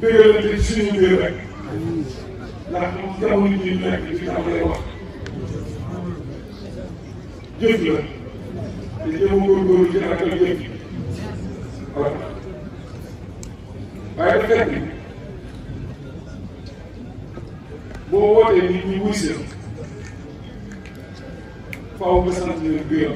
dëggalante suñu biir rek ndax jamono ji ñu nekk ci am lay wax jëf la te jëfu góorgóorlu ci ak ak jëf voilà waaye dafa fekk boo wootee nit ñi wuy seen faaw nga sant leen gërëm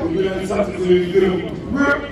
bu ñu leen sant leen gërëm wér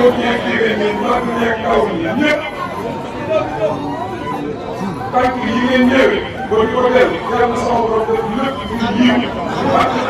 ñëw ñeeg jigéen ñi mag ñeeg kaw ñi ñëpp. tànk yi ngeen ñëwee ba di ko def yàlla sama borom def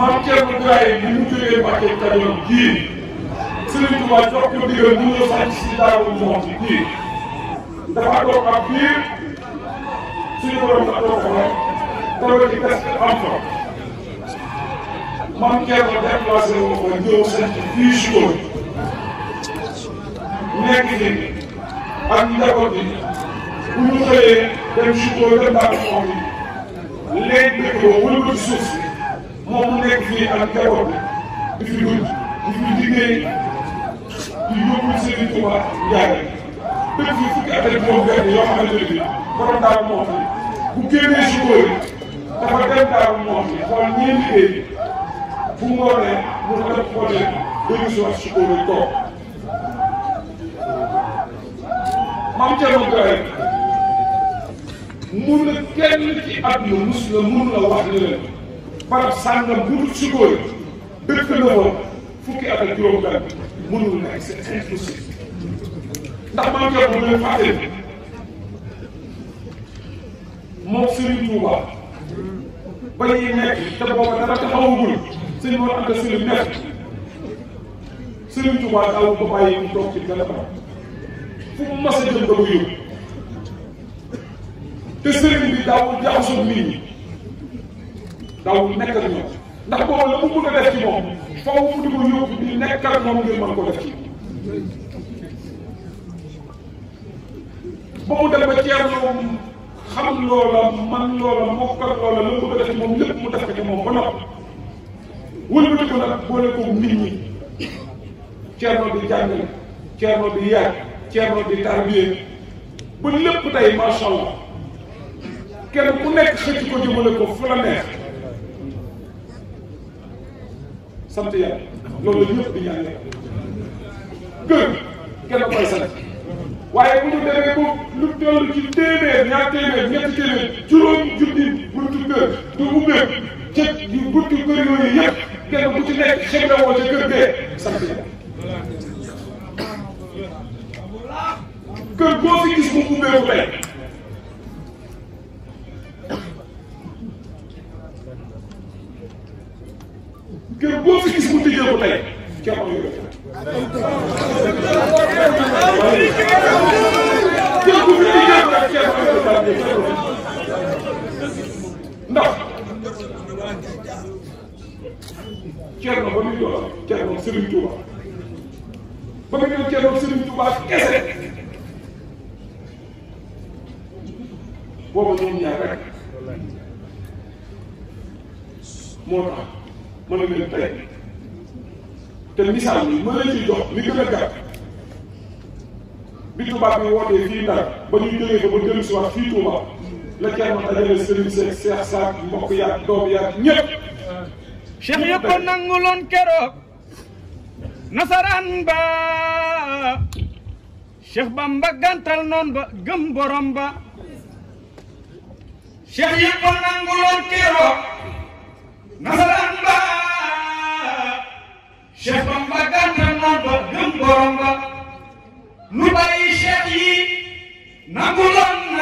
maam Thierno Ndiaye bi mu jógee Mbacke Kajoor kii Serigne Touba jox ko digal mu ñëw sànq si Darou Mouhty kii dafa toog ab biir suñu borom la toog ko toog ci presque am fa maam Thierno déplacé wu ko ñëw sànq fii si tool nekk ci ak njaboot bi bu ñu xëyee dem si tool dem Darou Mouhty léegi dëkk ba wëlbati suuf moom mu nekk fii ak njaboot bi di fi dund di fi liggéey di yóbbu Sëriñ Tuuba jaaree bépp yi fukki at moom benn yoo xamante ne bii borom daal moo fi bu génnee si góor yi dafa dem daal moo fi xool ñeenti liggéey bu ngoonee mu def ngoonee dañu si wax si góor yi toog maam Thierno Birahim na wax ne leen barab sàngam bu si góor dëkk na woon fukki at ak juróom benn mënul nekk c'est impossible ndax maam Diop bu leen fàttali moom Serigne Touba ba ñuy nekk te booba dara taxawagul sëñ Mor Anta Serigne nekk Serigne Touba daaw ko bàyyi mu toog ci benn fu mu mas a jëm da ko yóbbu te Serigne bi daaw daw nekk ak ñoom ndax boobu la mu mën a def ci moom foofu di ko yóbbu di nekk moom ngir mën ko def ci. ba mu dem ba Thierno xam loola man loola mokkal mu a def ci moom lépp mu def ko ci moom ba noppi wëlbati ko nag boole ko nit ñi Thierno di jàngale Thierno di yar Thierno di tarbiye ba lépp tey macha kenn ku nekk xëcc ko jëmale ko fu la neex. sant yàlla loolu la ñëpp di ñaan yàlla kër kenn koy sant waaye bu ñu demee ko lu toll ci téeméer ñaar téeméer ñetti téeméer juróom junni buntu kër du ubbeeku ca buntu kër yooyu yëpp kenn ku ci nekk xëy na woo ca kër gee sant boo fi gis mu ubbeeku kër boo fi gis mu tëjee ko tey ca xam nga kër bu fi tëjee ko tey ca xam nga ndax Thierno ba muy yor Thierno Serigne Touba ba muy yor Thierno Serigne Touba kese booba ñoom ñaar rek moo tax. mën na leen tere te misaal bi mën ci jox li gën a gàtt bi tubaab bi wootee fii Ndar ba ñu jógee ko ba dellu si wax fii Touba la kenn wax dajale sëriñ seeg seex saak mbokk yaag doom yaag ñëpp cheikh yëpp a nanguloon keroog nasaraan ba cheikh bamba gàntal noon ba gëm borom ba cheikh yëpp a nanguloon keroog nasaraan ba Cheikh Bamba gàntal na ba jëm borom ba lu bàyyi cheikh yi nangu loon na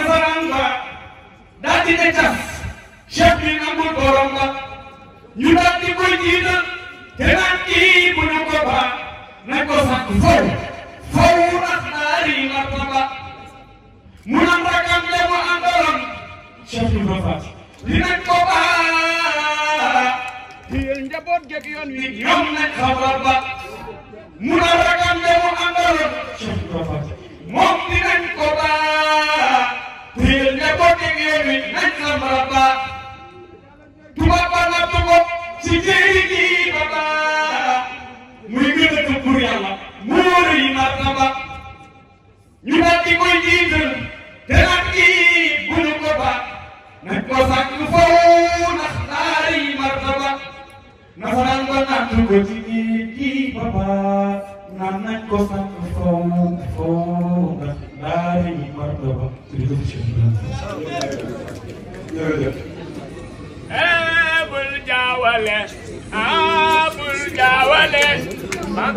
mu doon rakam de mu àndaloon Cheikh Ibrahima Fall moom dinañ ko baa téel ne ko déggee wi nañ la mën a baa tubaab ba natt ko ci téeri gi ba baa muy gën a tëb pour yàlla muur yi martaba ñu daal di koy jiital te nag kii bu ñu ko baa nañ ko sàkk foofu ndax daari martaba nasaraan ba natt ko ci ko sanko fowmu fowmuga daarimi mardoba mbiɗa ɗum ceerno jërëjëf bul jaawale ah bul jaawale mam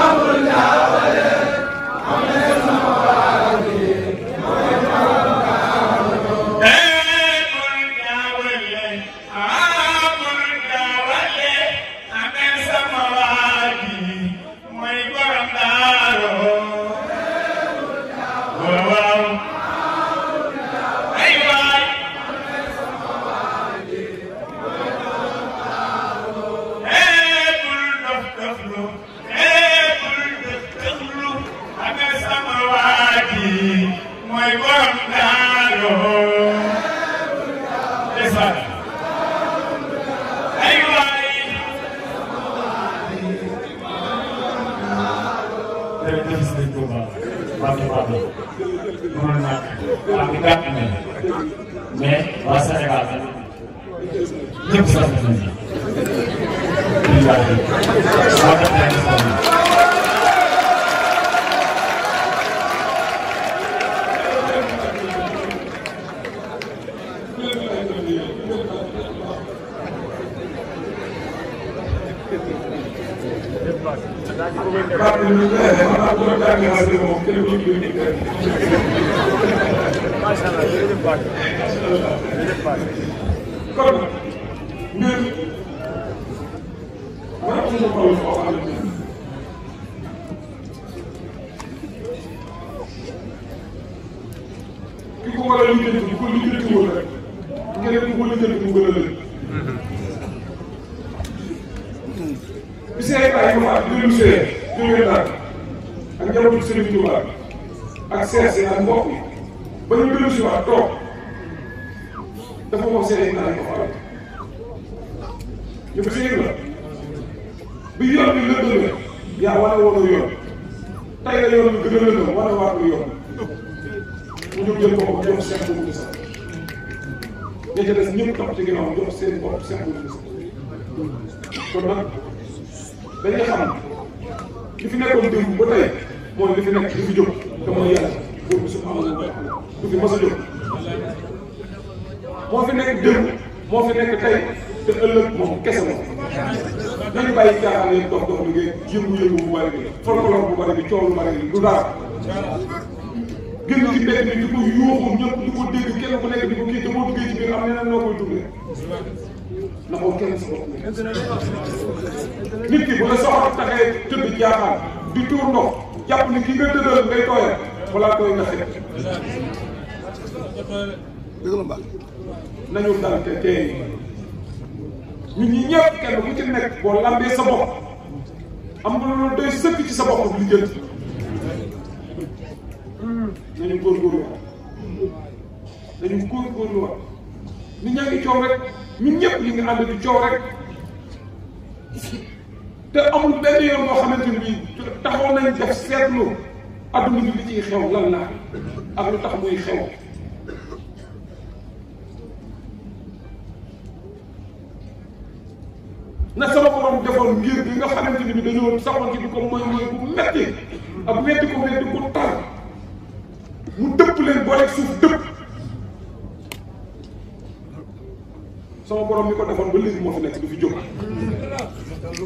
America की नहीं मैं भाषा लगा जब सब स्वागत है ki ko war a liggéey ku ko liggéey ku ko la keneen ku ko liggéey ku ko la seetaay yi ma am juróom séeréer juróomi tànk ak njabootu Serigne Touba ak seese ak mbokk yi ba ñu gënu si waat toog dafa wax seede naa ko xoolal ñu ko si yëg la bi yoon bi lëndëm la yaa wane woon yoon tey la yoon bi gën a lëndëm wane waat lu yoon mu ñu jël boppam jox seen bopp di sax ña ca des ñëpp topp ci ginnaaw jox seen bopp seen bopp di sax kon nag dañuy xam li fi nekkoon démb ba tey mooy li fi nekk li fi jóg te mooy yàlla boobu su ma amoon du fi mas a jóg moo fi nekk démb moo fi nekk tey te ëllëg moom kese moom nañu bàyyi caaxaan yi dox dox li ngay yëngu-yëngu bu bari bi folklore bu bari bi coow lu bari bi du dara génn ci mbedd di ko di ko dégg kenn ku nekk di ko kii te boo duggee ci biir am neneen noo koy duggee na ko kenn si bopp nit ki bu la soxor taxee tëdd jaaxaan di tuur ndox jàpp ni ki nga tëddal ngay tooyal balaa koy naxee. dëgg la Mbacke. nañu dal te tey ñun ñi ñëpp kenn ku ci nekk boo lambee sa bopp am nga loolu doy sëkk ci sa bopp lu jënd. Hmm, nañu góorgóorlu waat nañu góorgóorlu waat nit ñaa ngi coow te amul benn yoon boo xamante ni bii taxaw nañ def seetlu adduna bi li ciy xew lan la ak lu tax muy xew na sama borom defoon ngir bi nga xamante ni bi dañoo saxoon ci bi comme mooy mooy bu metti ak metti ko metti ko tar mu dëpp leen booleeg suuf dëpp sama borom mi ko defoon ba léegi moo fi nekk du fi jóg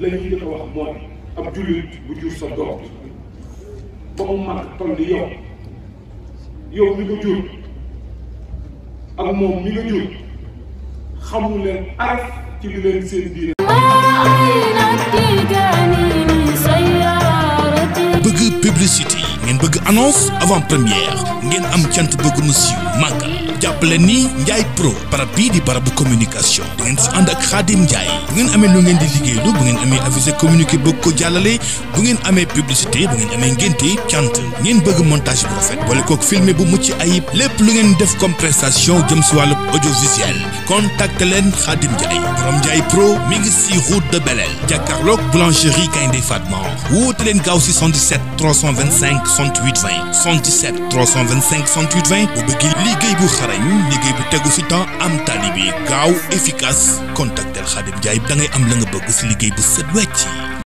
la ñu njëkk a wax mooy ab jullit bu jur sa doom ba mu màgg toll yow yow mi ko jur ak moom mi nga jur xamu leen araf ci li leen seen diine bëgg publicité ngeen bëgg annonce avant première ngeen am cant bëgg mu siiw màggal jàpp leen ni Ndiaye Pro barab bii di barab bu communication di ngeen si ànd ak Khadim Ndiaye bu ngeen amee lu ngeen di liggéeylu bu ngeen amee avisé communiqué bëgg ko jàllale bu ngeen amee publicité bu ngeen amee ngénte cant ngeen bëgg montage bu boole kook filmé bu mucc ayib lépp lu ngeen def comme prestation jëm si contacte leen Khadim Ndiaye borom Ndiaye Pro mi ngi si route Belel jàkkaarloog boulangerie Kayndé Fatma woote leen gaaw si bu bëgg liggéey bu tegu fi temps am tali bi gaaw efficace contactel Khadim Ndiaye da ngay am la nga bëgg si liggéey bu set wecc